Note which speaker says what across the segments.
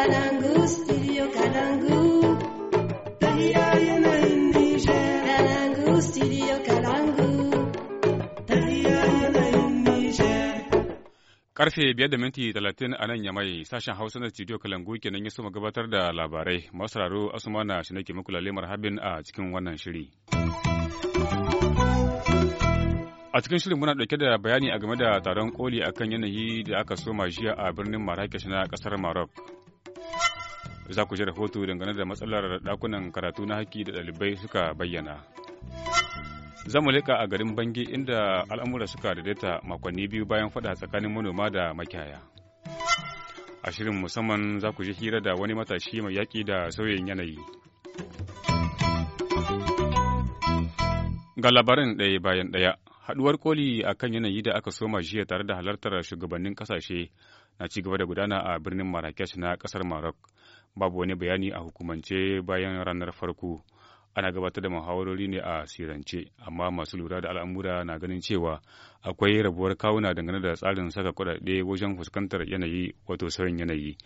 Speaker 1: studio
Speaker 2: Karfe biyar da minti talatin a nan yamai sashen Hausa na studio Kalangu kenan ya soma gabatar da labarai. Masu raro Asumana shi nake muku lalemar habin a cikin wannan shiri. A cikin shirin muna ɗauke da bayani a game da taron koli akan yanayi da aka soma jiya a birnin Marrakesh na ƙasar Maroc. Za ku ji rahoto dangane da matsalar dakunan karatu na haƙƙi da ɗalibai suka bayyana. Za mu leƙa a garin Bangi inda al'amura suka daidaita makonni biyu bayan faɗa tsakanin manoma da makiyaya. A shirin musamman za ku ji hira da wani matashi mai yaƙi da sauyin yanayi. Ga labarin ɗaya bayan ɗaya, haɗuwar koli a kan yanayi da aka soma jiya tare da halartar shugabannin ƙasashe na ci gaba da gudana a birnin Marrakesh na kasar Maroc. Babu wani bayani a hukumance bayan ranar farko. Ana gabatar da muhawarori ne a sirance, amma masu lura da al'amura na ganin cewa akwai rabuwar kawuna dangane da tsarin saka kuɗaɗe wajen fuskantar yanayi wato sauyin yanayi.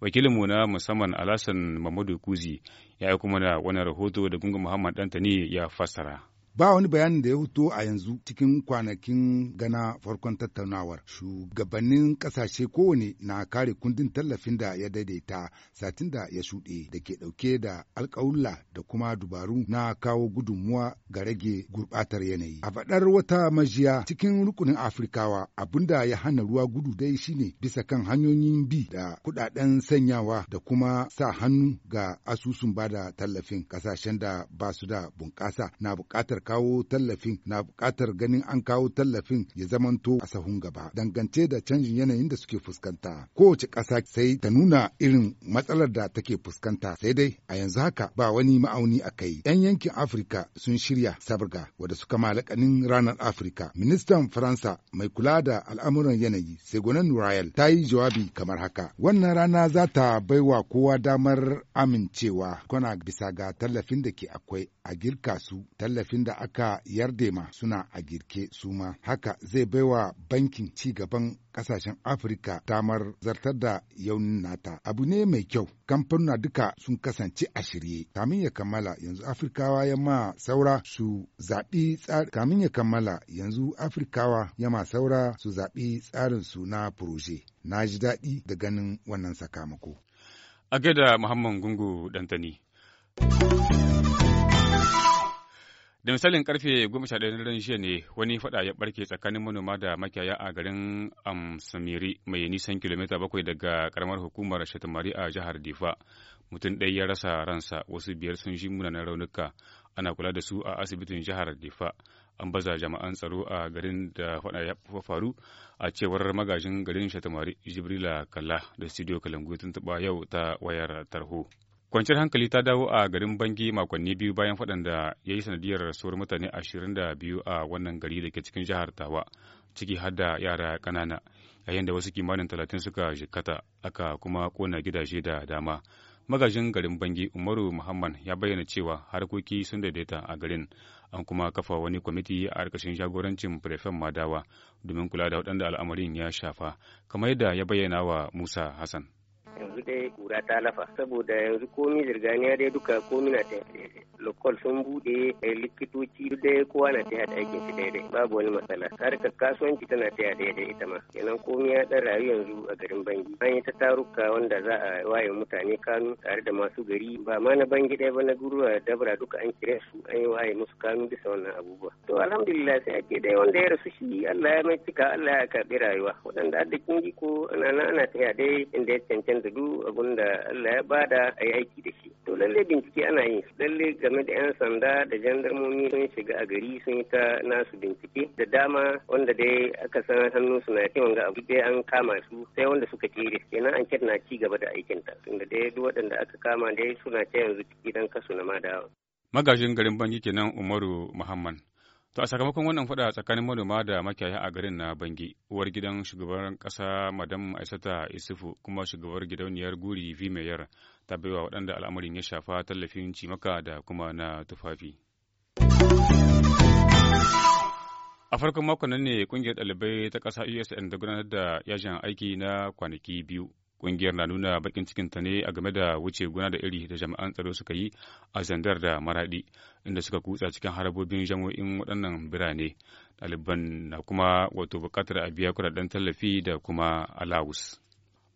Speaker 2: Wakilinmu na musamman Alasan Mamadu Kuzi ya yi kuma da wani rahoto da Gungun Muhammad Dantani ya fassara.
Speaker 1: Ba wani bayanin da ya fito a yanzu cikin kwanakin gana farkon tattaunawar. Shugabannin ƙasashe kowane na kare kundin tallafin da ya daidaita satin da ya shuɗe da ke ɗauke da alƙawulla da kuma dubaru na kawo gudunmuwa ga rage gurɓatar yanayi. A faɗar wata majiya cikin rukunin Afirkawa da ya hana ruwa gudu dai shine bisa kan hanyoyin bi da kuɗaɗen sanyawa da kuma sa hannu ga asusun bada tallafin ƙasashen da ba su da bunƙasa na buƙatar kawo tallafin na buƙatar ganin an kawo tallafin ya zamanto a sahun gaba dangance da canjin yanayin da suke fuskanta. Kowace ƙasa sai ta nuna irin matsalar da take fuskanta sai dai a yanzu haka ba wani ma'auni a kai. 'Yan yankin Afirka sun shirya sabga wadda suka malakanin ranar Afirka. Ministan Faransa mai kula da al'amuran yanayi Segonan Royal ta yi jawabi kamar haka. Wannan rana za ta baiwa kowa damar amincewa kwana bisa ga tallafin da ke akwai a girka su tallafin da da aka yarda ma suna a girke su ma haka zai baiwa bankin ci gaban kasashen afirka damar zartar da yaunin nata abu ne mai kyau kamfanuna duka sun kasance a shirye kamin ya kammala yanzu afirkawa yamma saura su zaɓi tsarin kamin ya kammala yanzu afirkawa yamma saura su zaɓi tsarin su na furoje na ji daɗi da ganin wannan sakamako
Speaker 2: a gaida muhammad gungu dantani Da misalin karfe 11 na ran jiya ne wani fada ya barke tsakanin manoma da makiyaya a garin Amsamiri mai nisan kilomita bakwai daga karamar hukumar Shatamari a jihar Difa. Mutum ɗaya ya rasa ransa wasu biyar sun ji munanan raunuka ana kula da su a asibitin jihar Difa. An baza jama'an tsaro a garin da fada ya faru a cewar magajin garin Shatamari Jibrila Kalla da studio Kalangu tuntuɓa yau ta wayar tarho. kwanciyar hankali ta dawo a garin bangi makonni biyu bayan faɗan da ya yi sanadiyar rasuwar mutane ashirin da biyu a wannan gari da ke cikin jihar tawa ciki har da yara kanana yayin da wasu kimanin talatin suka jikkata aka kuma kona gidaje da dama magajin garin bangi umaru muhammad ya bayyana cewa harkoki sun daidaita a garin an kuma kafa wani kwamiti a ƙarƙashin jagorancin prefen madawa domin kula da waɗanda al'amarin ya shafa kamar yadda ya bayyana wa musa hassan yanzu dai kura ta lafa saboda yanzu komi zirganiya dai duka komi na ta lokal sun bude eh, likitoci dai kowa na ta yada aikin shi daidai babu wani matsala ka kasuwanci tana ta yada daidai ita ma kenan komi ya dan rayu yanzu a garin bangi an yi ta taruka wanda za a waye mutane kanu tare da masu gari ba ma na bangi ɗaya ba na guruwa dabra duka an kira su an yi waye musu kanu bisa wannan abubuwa to alhamdulillah sai ake dai wanda ya rasu shi Allah ya mai cika Allah ya karɓi rayuwa waɗanda adda kingi ko ana ana ta yada inda ya cancanta da duk abin da Allah ya bada a yi aiki da shi. To lalle bincike ana yin shi. Lalle game da 'yan sanda da jandarmomi sun shiga a gari sun yi ta nasu bincike da dama wanda dai aka san hannu suna yawan ga abu dai an kama su sai wanda suka kere kenan an na ci gaba da ta. tunda dai duk waɗanda aka kama dai suna ta yanzu gidan kasu na madawa. Magajin garin banki kenan Umaru Muhammad. To a sakamakon wannan fada tsakanin manoma da makiyaya a garin na Bangi, uwar gidan shugaban kasa Madam Aisata Isufu kuma shugabar gidauniyar guri Vimeyar ta baiwa waɗanda al'amarin ya shafa tallafin cimaka da kuma na tufafi. A farkon makon nan ne kungiyar ɗalibai ta ƙasa USN da gudanar da yajin aiki na kwanaki biyu Ƙungiyar na nuna bakin cikin ta ne a game da wuce gona da iri da jami'an tsaro suka yi a zandar da maraɗi inda suka kutsa cikin harabobin jam'o'in waɗannan birane. Ɗaliban na kuma wato buƙatar a biya kuɗaɗen tallafi da kuma alawus.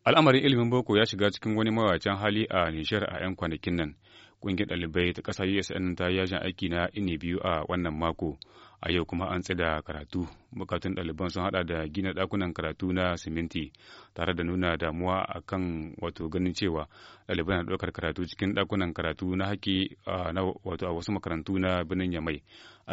Speaker 2: Al'amarin ilimin boko ya shiga cikin wani mawacin hali a Nishar a 'yan kwanakin nan. Ƙungiyar ɗalibai ta ƙasa USN ta yajin aiki na ini biyu a wannan mako. a yau kuma an tsada karatu bukatun ɗaliban sun hada da gina ɗakunan karatu na siminti tare da nuna damuwa a kan wato ganin cewa ɗaliban na ɗaukar karatu cikin ɗakunan karatu na haƙƙi na wato a wasu makarantu na birnin yamai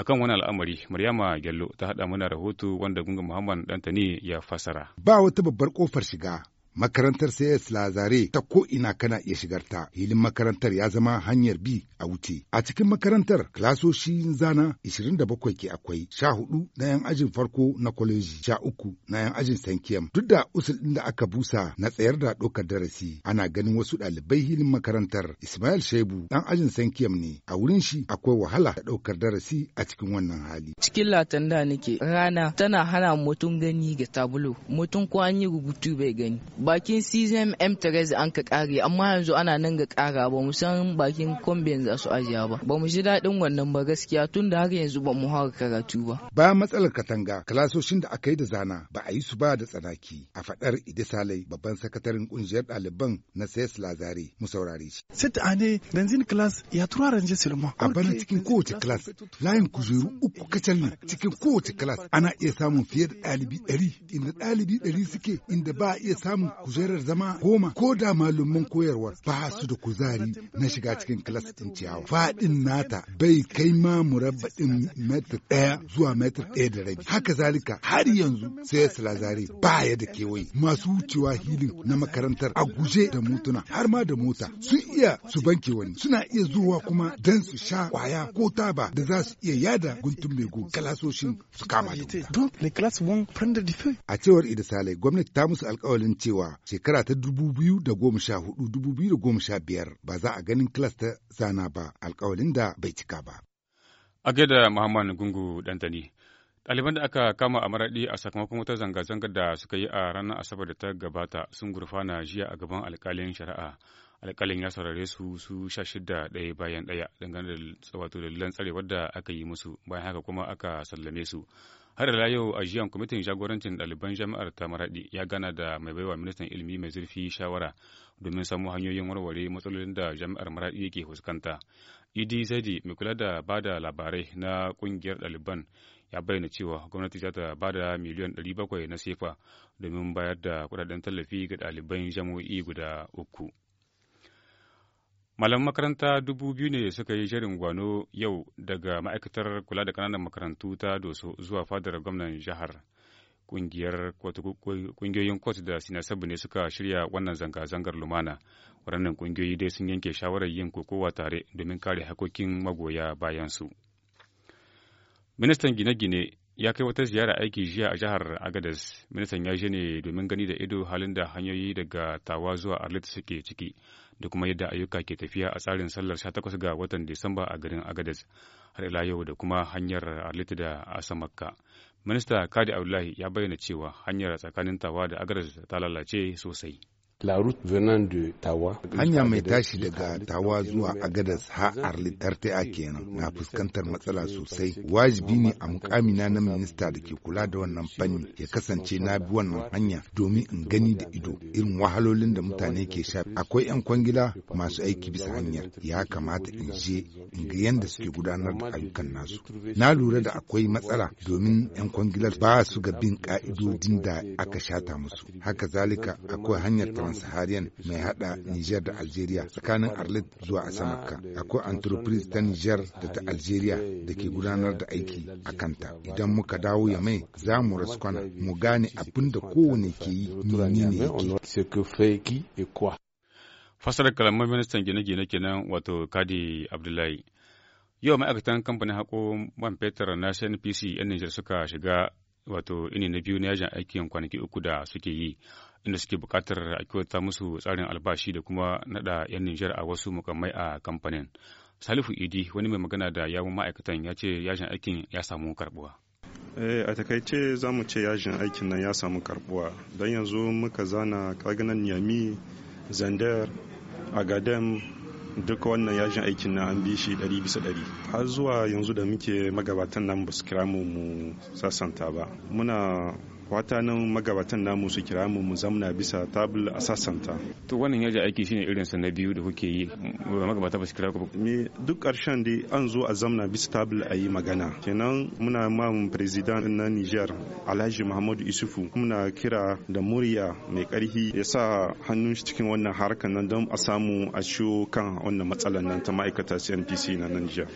Speaker 2: kan wani al'amari maryama gello ta hada mana rahoto wanda gungun muhammad ne ya fasara
Speaker 1: ba wata babbar kofar shiga makarantar CS Lazare ta ko ina kana iya shigar ta. Hilin makarantar ya zama hanyar bi a wuce. A cikin makarantar klasoshi zana 27 ke akwai, sha hudu na yan ajin farko na kwaleji, sha uku na yan ajin sankiyam. Duk da usul ɗin da aka busa na tsayar da dokar darasi, ana ganin wasu ɗalibai hilin makarantar. Ismail shaibu. dan ajin sankiyam ne, a wurin shi akwai wahala da ɗaukar darasi a cikin wannan hali.
Speaker 2: Cikin latan da nake
Speaker 1: rana tana hana mutum gani ga tabulo, mutum ko an yi rubutu bai gani. bakin season m an ka kare amma yanzu ana nan ga kara ba mu san bakin kombin za su ajiya ba ba mu ji daɗin wannan ba gaskiya tun da har yanzu ba mu hawa karatu ba bayan matsalar katanga kalasoshin da aka yi da zana ba a yi su ba da tsanaki a faɗar idi salai babban sakataren kungiyar ɗaliban na sayas lazare mu saurare shi sit a ne danzin class ya tura ranje silma a bana cikin kowace class layin kujeru uku kacal ne cikin kowace class ana iya samun fiye da ɗalibi ɗari inda ɗalibi ɗari suke inda ba a iya samun kujerar zama goma ko da malaman koyarwa. ba su da kuzari na shiga cikin kilas ɗin ciyawa. Faɗin nata bai kai ma murabbaɗin metar ɗaya zuwa metar ɗaya da rabi. Haka zalika har yanzu sai salazare ba ya da kewaye. Masu wucewa hilin na makarantar a guje da motuna har ma da mota sun iya su banke wani suna iya zuwa kuma dan su sha kwaya ko taba da za su iya yada guntun mego kalasoshin su kama da wuta. A cewar ida Salai gwamnati ta musu alkawalin cewa cewa shekara ta sha biyar ba za a ganin kilas ta zana ba alkawalin da bai cika ba.
Speaker 2: A gaida Muhammad Gungu Dantani. Ɗaliban da aka kama a maraɗi a sakamakon wata zanga-zangar da suka yi a ranar Asabar da ta gabata sun gurfana jiya a gaban alkalin shari'a. Alkalin ya saurare su su sha shida ɗaya bayan ɗaya dangane da wato da tsarewar da aka yi musu bayan haka kuma aka sallame su. har da yau a jiyan kwamitin jagorancin ɗaliban jami'ar ta maraɗi ya gana da mai baiwa ministan ilimi mai zurfi shawara domin samu hanyoyin warware matsalolin da jami'ar maraɗi yake fuskanta idi zaidi mai kula da ba da labarai na ƙungiyar ɗaliban ya bayyana cewa gwamnati za ta ba da miliyan bakwai na sefa domin bayar da kudaden tallafi ga ɗaliban jami'o'i guda uku. Malaman makaranta dubu biyu ne suka yi shirin gwano yau daga ma'aikatar kula da kananan makarantu ta Doso zuwa fadar gwamnan jihar. Ƙungiyoyin kwat da sinasabu ne suka shirya wannan zanga-zangar lumana. Waɗannan ƙungiyoyi dai sun yanke shawarar yin kokowa tare domin kare hakokin magoya bayansu. Ministan gine-gine ya kai wata ziyara aiki jiya a jihar Agadez. Ministan ya je ne domin gani da ido halin da hanyoyi daga Tawa zuwa Arlit suke ciki. da kuma yadda ayyuka ke tafiya a tsarin sallar 18 ga watan Disamba a garin Agadez har ila yau da kuma hanyar Alita da Asamakka. Minista Kadi Abdullahi ya bayyana cewa hanyar tsakanin Tawa da Agadez ta lalace sosai.
Speaker 1: La route venant de Tawa. Hanya mai tashi daga Tawa zuwa Agadas har Arlitartea kenan na fuskantar matsala sosai. Wajibi ne a mukamina na minista da ke kula da wannan fanni ya kasance na bi wannan hanya domin in gani da ido irin wahalolin da mutane ke sha. Akwai 'yan kwangila masu aiki bisa hanyar ya kamata in je in ga yadda suke gudanar da ayyukan nasu. Na lura da akwai matsala domin 'yan kwangilar ba su ga bin ka'idodin da aka shata musu. Haka zalika akwai hanyar saharian mai hada nijar da Algeria tsakanin Arlit zuwa asamaka Akwai entreprise ta nijar da ta Algeria da ke gudanar da aiki a kanta. Idan muka dawo ya mai za mu raskwana mu gane abin da kowane ke yi nuni ne yake.
Speaker 2: Fasar kalamar ministan gine-gine kenan wato Kadi Abdullahi. Yau ma'aikatan kamfanin hako man fetur na cnpc 'yan Nijar suka shiga wato ini na biyu na yajin aikin kwanaki uku da suke yi inda suke buƙatar a kyauta musu tsarin albashi da kuma naɗa 'yan Nijar a wasu mukammai a kamfanin. Salifu Idi wani mai magana da yawun ma'aikatan ya ce yajin aikin ya samu karbuwa. Eh, a takaice za mu ce yajin aikin nan ya samu karbuwa don yanzu muka zana kaganan yami zandar agadem duk wannan yajin aikin na an bi shi 100 bisa har zuwa yanzu da muke magabatan nan ba su kira mu mu sassanta ba muna kwata nan magabatan namu su kira mu mu zamna bisa tabul a sassanta to wannan yaji aiki shine irin sa na biyu da kuke yi magabata ba su kira ku me duk karshen dai an zo a zamna bisa tabul a yi magana kenan muna ma president na Niger Alhaji Muhammadu Isufu muna kira da murya mai ƙarfi. ya sa hannun shi cikin wannan harkar nan don a samu a ciwo kan wannan matsalar nan ta ma'aikata CNPC na Niger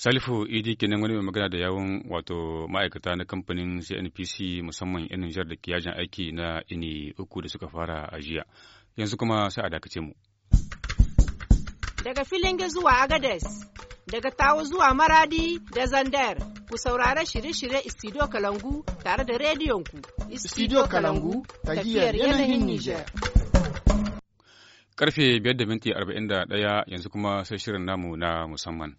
Speaker 2: Salifu Idi kenan wani mai magana da yawon wato ma'aikata na kamfanin CNPC musamman 'yan Nijar da ke yajin aiki na ini uku da suka fara a jiya. Yanzu kuma sai a dakace mu. Daga Filinge zuwa Agades, daga Tawo zuwa Maradi da Zandar, ku saurara shirye-shirye Istidiyo Kalangu tare da rediyonku. Istidiyo Kalangu, tafiyar yanayin Nijar. Karfe 5:41 da yanzu kuma sai shirin namu na musamman.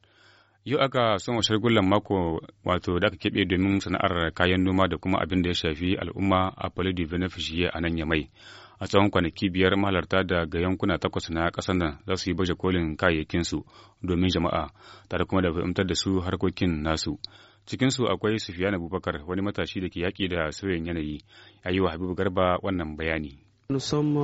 Speaker 2: Yau aka son shagullan mako wato da aka keɓe domin sana'ar kayan noma da kuma abin da ya shafi al'umma a Polidi Beneficiye a nan Yamai. A tsawon kwanaki biyar mahalarta daga yankuna takwas na ƙasar nan za su yi baje kolin kayayyakinsu domin jama'a tare kuma da fahimtar da su harkokin nasu. Cikinsu akwai Sufiyan Abubakar wani matashi da ke yaƙi da sauyin yanayi, ya yi wa Habibu Garba wannan bayani. Nous sommes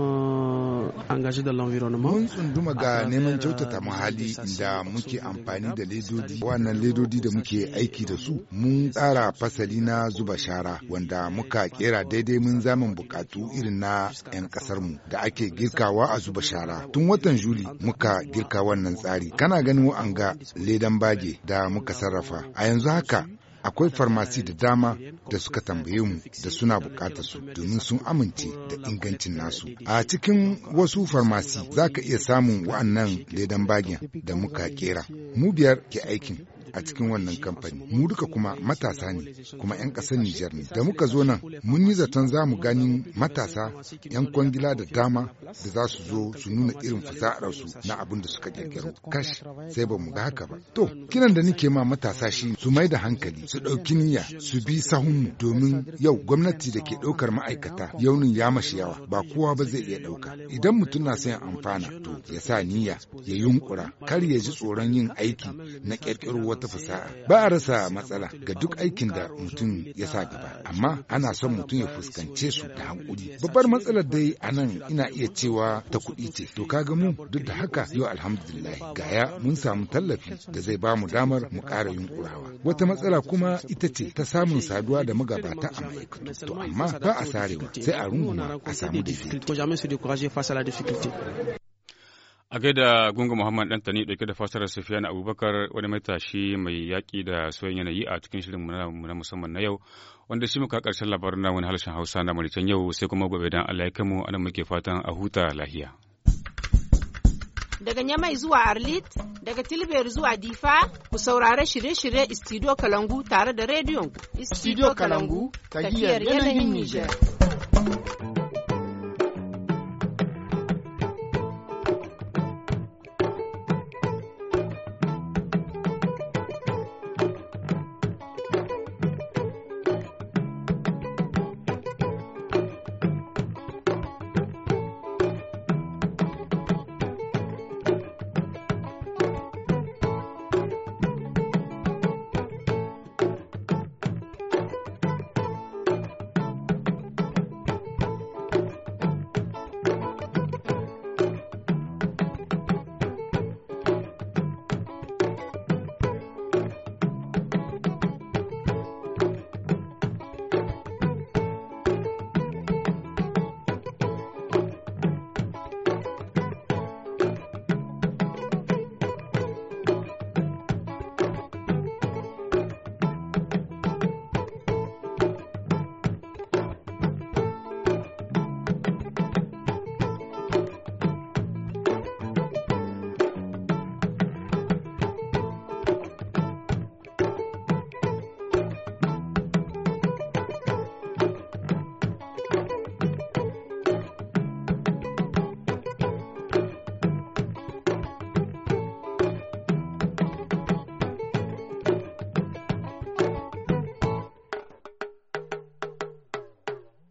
Speaker 1: engagés dans l'environnement. Mun tsunduma ga neman kyautata muhalli da muke amfani da ledodi. Wannan ledodi da muke aiki da su mun tsara fasali na zuba shara wanda muka kera daidai mun zaman bukatu irin na 'yan ƙasarmu da ake girkawa a zuba shara. Tun watan Juli muka girka wannan tsari. Kana ganin anga ledan bage da muka sarrafa. A yanzu haka akwai farmasi da dama da suka tambaye mu da suna bukatar su domin sun amince da ingancin nasu a cikin wasu farmasi za ka iya samun wa'annan ledan bagin da muka kera mu biyar ke aikin a cikin wannan kamfani mu duka kuma matasa ne kuma 'yan ƙasar Nijar ne da muka zo nan mun yi zaton za mu gani matasa 'yan kwangila da dama da za su zo su nuna irin fasaharsu na abin da suka ƙirƙiro. kash sai ba mu ga haka ba to kiran da nake ma matasa shi su mai da hankali su ɗauki niyya su bi sahunmu domin yau gwamnati da ke ɗaukar ma'aikata yaunin ya mashi yawa ba kowa ba zai iya ɗauka idan mutum na son amfana to ya sa niyya ya yunkura kar ya ji tsoron yin aiki na ƙirƙiro wata ta fasaha ba a rasa matsala ga duk aikin da mutum ya sa gaba amma ana son mutum ya fuskance su da hankuli babbar matsalar dai a nan ina iya cewa ta kuɗi ce to kaga mu duk da haka yau alhamdulillah gaya mun samu tallafi da zai ba mu damar mu ƙara yunkurawa wata matsala kuma ita ce ta samun saduwa da magabata
Speaker 2: a ma'aikatu to amma ba a sarewa sai a runguna a samu daidaito A gaida Gunga Muhammad tani dauke da fasarar Sufiyan Abubakar wani matashi mai yaƙi da soyayyen yanayi a cikin shirin na musamman na yau wanda shi muka karshen labarin na wani harshen Hausa na Mauritan yau sai kuma gobe dan Allah ya kai mu anan muke fatan a huta lahiya. Daga Nyamai zuwa Arlit, daga Tilber zuwa Difa, ku saurare shirye-shirye Istidio Kalangu tare da rediyon Istidio Kalangu, tahiyar yanayin Nijar.